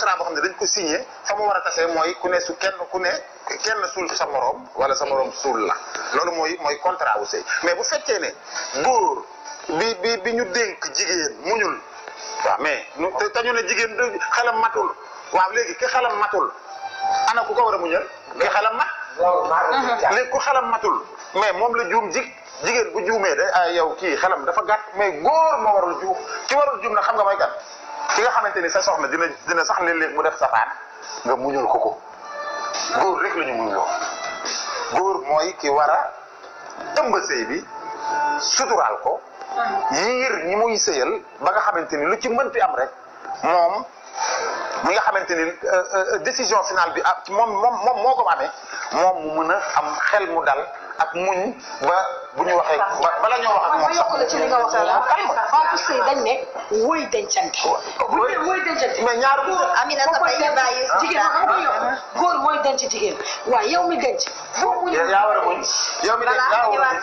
contrat boo xam ne dañ ko signé fa mu war a tasee mooy ku ne su kenn ku ne kenn suul sa moroom wala sa moroom suul la loolu mooy mooy contrat wu mais bu fekkee ne góor bi bi bi ñu dénk jigéen muñul waaw mais te ñu ne jigéen du xelam matul waaw léegi ki xelam matul ana ku ko war a muñal ki xelam mat léegi ku xelam matul mais moom la juum jig jigéen bu juumee da yow kii xelam dafa gàtt mais góor moo warul juum ki warul juum na xam nga mooy kan ki nga xamanteni sa soxna dina dina sax ne leeg mu def safaan nga muñul koko góor rek lañu ñu muñuloo góor moy ki wara a sëy bi sutural ko yir ñi muy sëyal ba nga xamanteni lu ci mënti am rek mom mi nga xamanteni décision finale bi mom mom moko amé mom mu mëna am xel mu dal ak muñ ba bu ñu waxee bala ñoo wax ak moom sax. waaw ci li nga wax la Fatou Seye dañ ne woy dencante. bu ñu woy dencante. mais ñaar góor amina sa bay bàyyi jigéen ah. góor mooy denc jigéen waaye yow mi denc. yaa war a muñ yow mi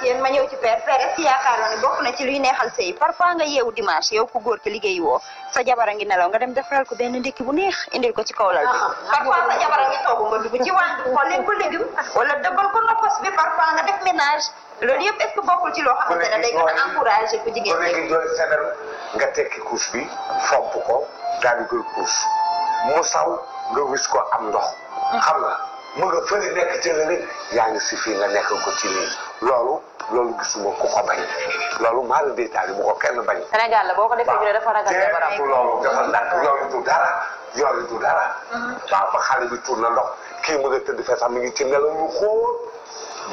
de ma ñëw ci père père est yaakaar nga bokk na ci luy neexal sëy parfois nga yeewu dimanche yow ku góor ki liggéey woo sa jabar a ngi nelaw nga dem defaral ko benn ndékki bu neex indil ko ci kaw lal bi ah, ah, parfois ah. a ngi togg nga dugg ci wàññi xolli ko légume wala dëbbal ko noppos bi parfois nga def ménage loolu yëpp est bokkul ci loo xamante ne day gën a encouragé ku jigéen léegi doon fenal nga tekki couche bi fomp ko daal di koy couche mu saw nga wis ko am ndox mm. xam nga mu nga fële nekk ci leneen yaa ngi si fii nga nekk ko ci lii loolu loolu gisuma ku ko bañ loolu maa la détaillé bu ko kenn bañ. Sénégal la boo ko defee ñu ne dafa ragal jabaram loolu dafa ndax loolu mm-hmm. du dara loolu du dara. waaw mm-hmm. ba xale bi tuur na ndox kii mu nga tëdd fee sax mi ngi ci nelaw yu xóot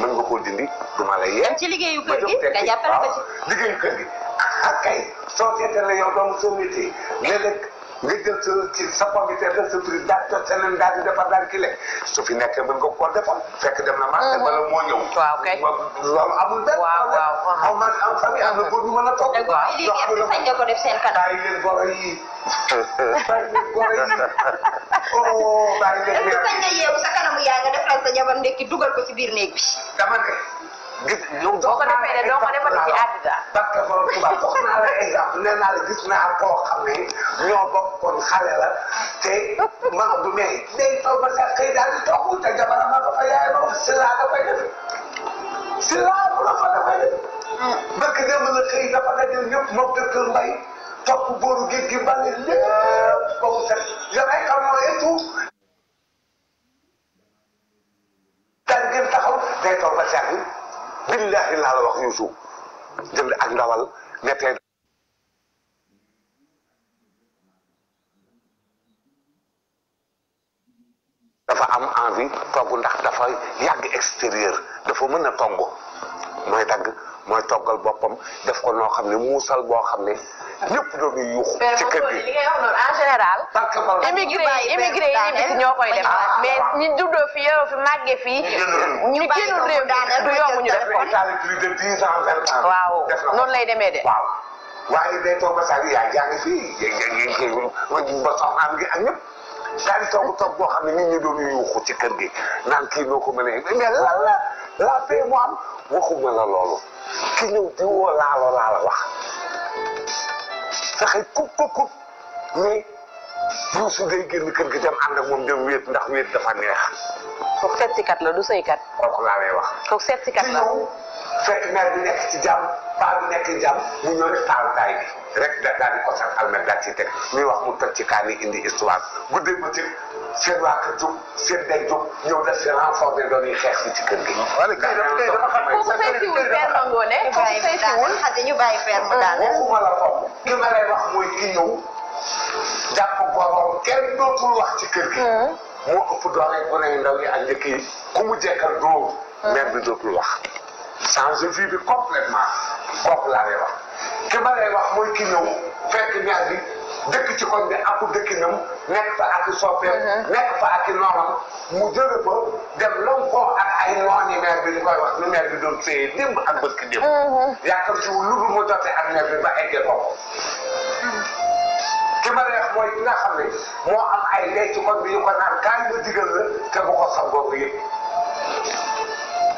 mën nga koo dindi du ma la yee. ci liggéeyu kër gi nga jàppale ko ci liggéeyu kër gi. ak ah, kay soo seetee la yow doomu soo métier léeg-léeg nga jël sa ci sa de terre sa prix daal jot seneen daal di defar daal ki lekk su fi nekkee mën nga koo defar fekk dem na marché bala moo ñëw. waaw kay a ko def seen kanam. bàyyi leen goro yi bàyyi leen goro yi oh bàyyi leen. yow sa kanamu yaa nga defal sa jabar ndekki dugal ko ci biir néeg bi. defee ne doo ko defati ci àddina parce que borom tubaab wax naa la exemple nee naa la gis naa koo xam ne ñoo bokkoon xale la te ma nga bu mel day toog ba sa xëy daal di toog te jabaram ma dafa yaay ma wax si laa dafay def si laa bu dafa dafay def bëkk dem la xëy dafa daje ñëpp moom docteur Mbaye topp booru géej gi mbale lépp ba mu set yow ay xam mooy et tout daal gën taxaw day toog ba sa بالله لا لا وخ يوسف جند اك ندوال نتاي دا فا ام انفي فوكو ناخ دا اكستيرير دا فا مانا mooy dagg mooy toggal boppam def ko noo xam ne muusal boo xam ne ñépp doon yuuxu. ci kër gi li ngay ah, ñu génn réew du yomb ñu def ko. waaw noonu lay demee de. boo xam ne nit ñi doon naan kii noo ko mënee mais lan la. la paix waxuma la loolu ki ñëw di woo laalo wax fexe kub ko kub mais buusu day génn kër gi dem ànd ak moom dem wéet ndax wéet dafa neex. kooku seetkat la du sëykat. kooku laa lay wax. kooku seetkat la ki ñëw fekk mère bi nekk ci jàmm paa bi nekk ci jàmm mu ñëw rek taal taay bi. rek da daal di ko sax almet daal ci teg ñuy wax mu toj ci kaa ni indi histoire guddee ba cëg seen waa kër jóg seen day jóg ñëw def seen renfort ne doon yi xeex si ci kër gi ku fekkiwul père Mangoné ku fekkiwul ñu bàyyi père mu daal waxuma la foofu ki ma lay wax mooy ki ñëw jàpp boobam kenn dootul wax ci kër gi moo ëpp doole gone yu ndaw yi ak njëkk yi ku mu jekkal dóor maire bi dootul wax changé vie bi complètement kooku laa lay wax ki ma lay wax mooy ki ñëw fekk ñaar bi dëkk ci koñ bi ak dëkkinam nekk fa ak soppeem. Uh-huh. nekk fa ak noonam mu jóge fa dem lënkoo ak ay nooni maire bi di koy wax ni maire bi doon seeyee démb ak bëkk démb. Uh-huh. yaakaar ci lu dul mu jote ak maire bi ba eggee ko. Uh-huh. ki ma lay wax mooy ki nga xam ne moo am ay lay ci koñ bi yu ko naan kaay nga digal la te bu ko sangoo ko yëpp.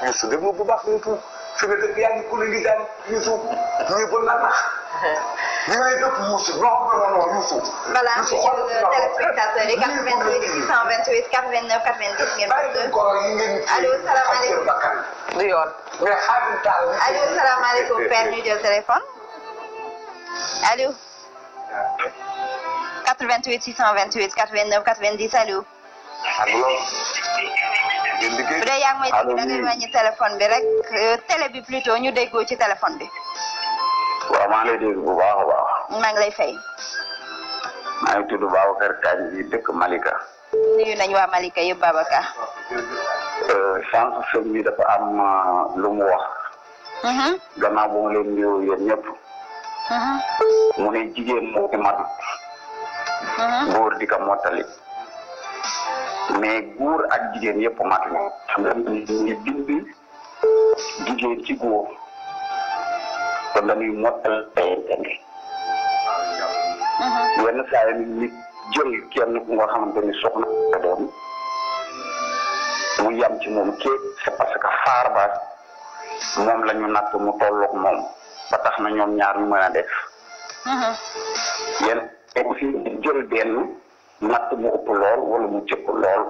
mais su déglu bu baax ñu tuuti. sebetulnya aku lilitan Yusuf ni pun lama. Ni may dëpp Youssou non non non Youssou. voilà monsieur le téléspectateur yi 88 628 89 90 ngeen bëgg. allo salaamaaleykum. du yoon. allo salaamaaleykum père ñu jël téléphone. allo. 88 628 89 90 allo. allo. ngeen yang eh, bu dee yaa ngi may dégg da ngay wàññi téléphone bi rek télé bi plutôt ñu déggoo ci téléphone bi. waaw lay dégg bu baax baax. ngi lay fay. ngi bi dëkk Malika. nuyu nañu waa Malika yëpp Babacar. sànq sëñ bi dafa am lu mu wax. gannaaw bu ma leen nuyoo yéen ñëpp. mu ne jigéen ci di mais góor ak jigéen yëpp ma xam nga dañuy bind jigéen ci góor kon dañuy mottal tayentante wenn mhm. saa jël kenn ku nga xamante ni soxna ko doon mu yam ci moom képp c'est parce que faar ba moom la ñu mu tolloog moom ba tax na ñoom ñaar ñu mën a def mhm. yéen aussi jël benn mat mu upp lool wala mu cëpp lool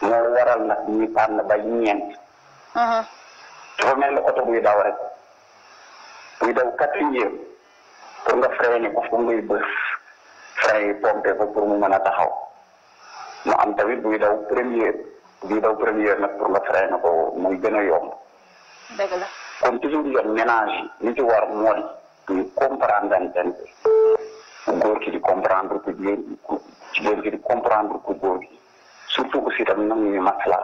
moo waral nag ñu tànn ba ñeent dafa mel ni oto buy daw rek buy daw quatrième pour nga freiné ko fu muy bëf frein yi pompé ko pour mu mën a taxaw mu am tamit buy daw premier buy daw premier nag pour nga freiné ko muy gën a yomb dëgg la kon toujours yoon ménage yi li ci war mooy ñu comprendre ku ki di comprendre ku jigéen ku jigéen ki di comprendre ku góor ki surtout aussi tamit nag ñu masla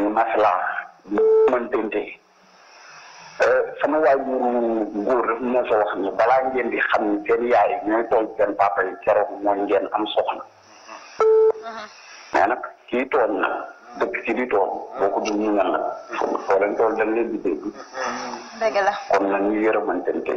ñu masla ñu mëntente eh, sama waay bu góor daf moo sa wax ni balaa ngeen di xam ya, ni seen yaay ñooy tooñ seen papa yi ngeen am soxna mais nag kii na dëkk ci di tooñ boo ko ñu ngan la foo leen tool dañ leen di dégg la kon ñu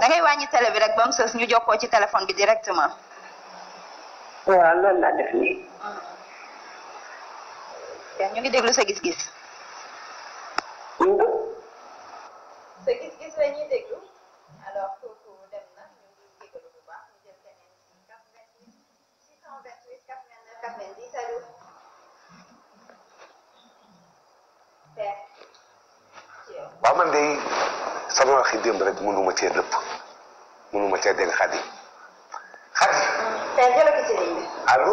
da ngay wañi télé bi rek bam mu ñu jokkoo ci téléphone bi directement. wa loolu la def ya ñu ngi déglu sa gis-gis. sa gis-gis la déglu alors kooku dem na ñu ngi déglu bu baax ñu jël keneen 88 628 89 90 allo. ba man day sama waxi démb rek mënuma cee dëpp mënuma cee dégg xadi xadi. tey jëlee ko ci ligne bi. allo.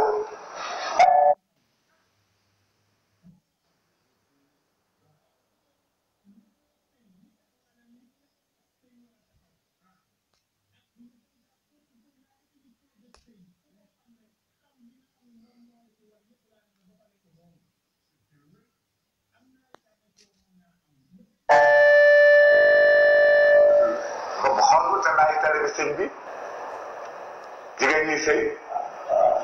sëñ bi jigéen ñi sëy baa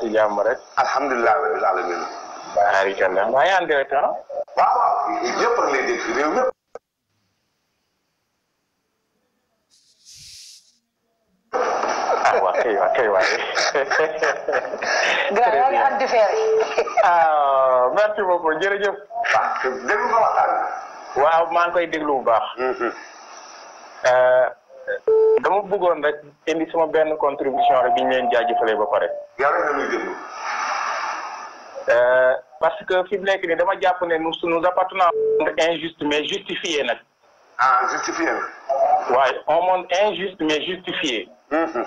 ci rek. rabbil alamin. waaw lay wallahi akay waay grand yaa ngi am é feere ah merci beaucoup jërëjëf déglu nga waxtaan waaw maa ngi koy déglu bu baax dama bëggoon rek indi sama benn contribution rek bi ñu leen jaajëfalee ba pare yàlla na ñuy déglu parce que fi mu nekk nii dama jàpp ne nous nous appartenons monde injuste mais justifié nag ah justifié waaye un monde injuste mais justifié mm-hmm.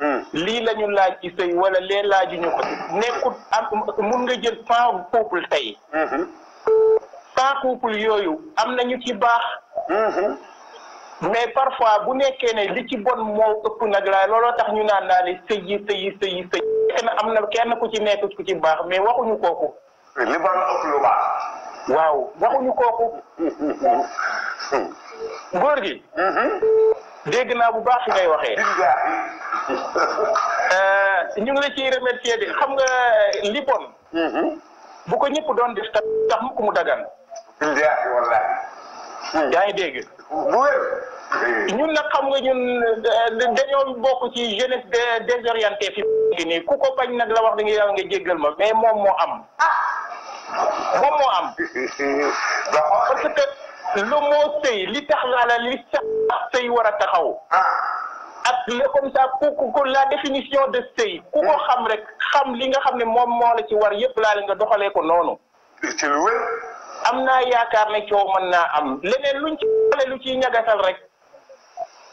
Hmm. lii lañu laaj ci sëy wala lee laajuñu ko nekkut am mun nga jël cent couple tey hmm. cent couple yooyu am nañu ci baax hmm. mais parfois bu nekkee ne li ci bon moo ëpp nag laa looloo tax ñu naan naa ne sëy yi sëy yi sëy yi sëy kenn am na kenn ku ci nekk ku ci baax mais waxuñu kooku li baax ëpp lu baax waaw waxuñu kooku góor gi dégg naa bu baax ngay waxee. Euh, ñu ngi la ciy remercier de xam nga euh, li mm-hmm. bu ko ñëpp doon def tax mu mu dagan. billaahi mm. yaa ngi dégg. ñun nag xam nga ñun euh, dañoo bokk ci jeunesse désorientée fi mu nii ku ko bañ nag la wax da nga yàlla nga jéggal ma mais moom moo am. Ah. moom moo am. lu moo sëy li tax naa la li tax sëy war a taxaw ah. ak le comme ça ku ku la définition de sëy ku ko xam rek xam li nga xam ne moom moo la ci war yépp laa la nga doxalee ko noonu ci am naa yaakaar ne coow mën naa am leneen luñ ci boole lu ciy ñagasal rek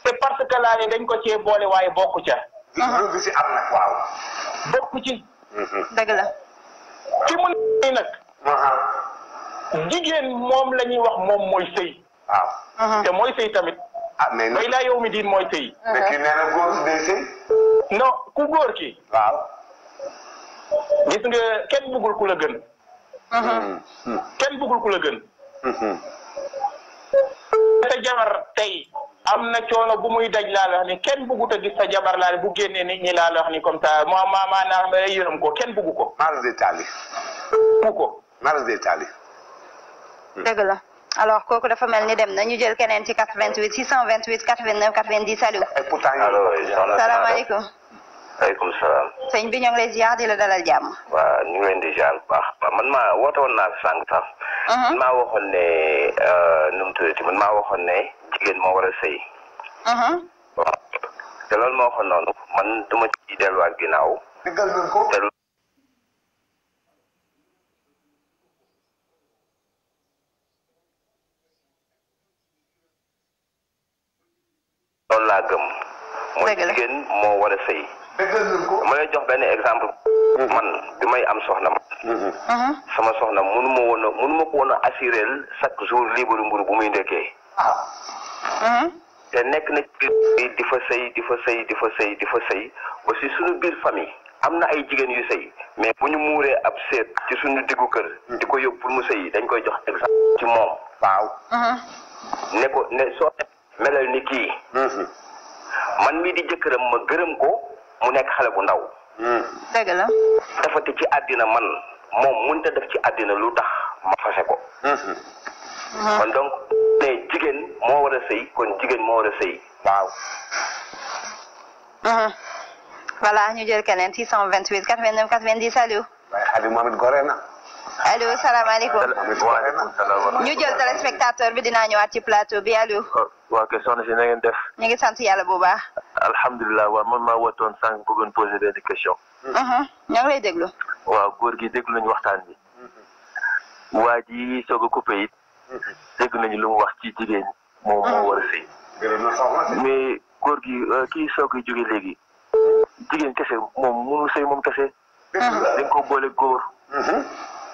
te parce que laa ne dañ ko cee boole waaye bokk ca lu ci am nag waaw bokku ci mhm. dëgg la ci mun nag jigéen moom lañuy wax moom mooy sëy. waaw uh-huh. te mooy sëy tamit. ah mais nag laa yow mi diin mooy sëy. Uh-huh. mais kii ku góor ki. waaw. gis nga kenn bëggul ku la gën. Uh-huh. Hmm, hmm. kenn bëggul ku la gën. Hmm, sa jabar tey am na coono bu muy daj laa la wax ni kenn bëggut a gis sa jabar laa bu génnee nit ñi laa la wax ni comme ça ma ma yërëm ko kenn bëggu ko. mars de tali. bëggu mars de tali. dëgg la alors kooku dafa mel ni dem na ñu jël keneen ci 88 628 89 90 salut. allo. salaamaaleykum. waaleykum salaam. sëñ bi ñoo ngi lay ziar di la dalal jàmm. waa ñu ngi leen di ziar bu baax man ma woote woon naa sànq sax. Mhm. man maa waxoon ne euh, nu mu tuddati man ma waxoon ne jigéen moo war a sëy. Mhm. waaw te loolu moo waxoon noonu man du ma ci delluwaat ginnaaw. loolu laa gëm. mooy jigéen moo war a sëy. ma jox benn exemple. Mm-hmm. man bi may am soxna ma. Mm-hmm. Mm-hmm. sama soxna mënu ma wono a mënu ma ko woon a assuré chaque jour liibaru mburu bu muy ndekkee. te nekk na ci di fa sëy di fa sëy di fa sëy di fa sëy ba si suñu biir famille am na ay jigéen yu sëy mais bu ñu muuree ab seet ci suñu diggu kër. di ko yóbbu pour mu sëy dañ koy jox exemple ci moom. waaw. ne ne soo melal ni kii. Mhm. man mii di jëkkëram ma gërëm ko mu nekk xale bu ndaw. Mhm. dëgg la. dafa te ci àddina man moom mënut a def ci àddina lu tax ma fase ko. Mhm. kon donc ne jigéen moo war a sëy kon jigéen moo war a sëy. waaw. voilà ñu jël keneen 628 89 90 allo. waaye Habib Mohamed Goré na. allo salaamaaleykum. waaleykum salaam. ñu téléspectateur bi dinaa ñëwaat ci plateau bi allo. Oh, waaw kay soxna si na def. ñu ngi sant yàlla bu baax. alhamdulilah waaw man maa wootoon sànq bëggoon poser benn question. Mhm, ñoo ngi lay déglu. waaw góor gi déglu nañu waxtaan bi. Mhm. waa ji soog a coupé it. Mhm. dégg nañu lu wax ci jigéen moom góor gi euh, kii soog a jóge léegi. jigéen kese moom mënul moom kese. dañ ko boole góor.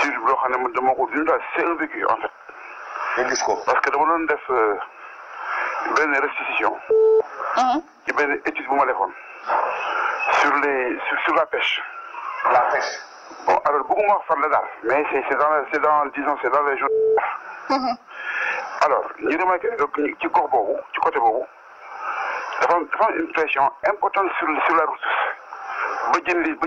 si loo xam ne man dama ko dundal c'est un vécu en fait. parce que dama doon def une euh, restitution. Ah. ci benn étude bu ma defoon. sur les sur, la pêche. la pêche. bon alors beaucoup moins faire la daal. mais c'est c'est dans c'est dans disons c'est dans les jours. Mm-hmm. alors ñu remarqué ci gox boobu ci côté boobu dafa dafa une pression importante sur sur la route ba jëndi ba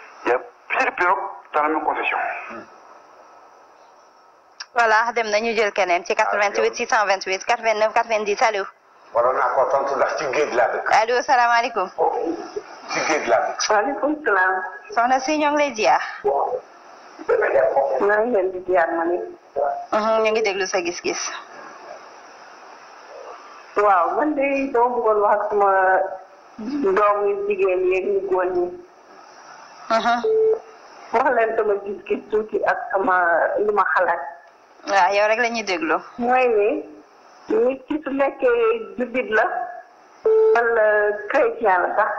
Philippe Diop dans la même confession. Voilà, dem nañu jël keneen ci 88 628 89 90 allo. waroon naa ko tontu de ci géej laa dëkk. allo salaamaaleykum. Oh, ci géej laa dëkk. waaleykum salaam. soxna si ñoo ngi lay ziar. maa ngi leen di ziar mhm, waaw man de dama bëggoon wax ak sama mhm. doom jigéen yeeg ñu góor ñi. Mhm. wax leen sama gis-gis tuuti ak sama lu ma xalaat. waaw yow rek la ñuy déglu. mooy ni nit ki su nekkee juddit la wala chrétien la sax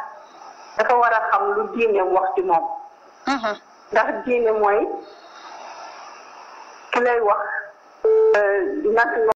dafa war a xam lu diine wax ci moom. Mhm. ndax diine mooy ki lay wax euh, naka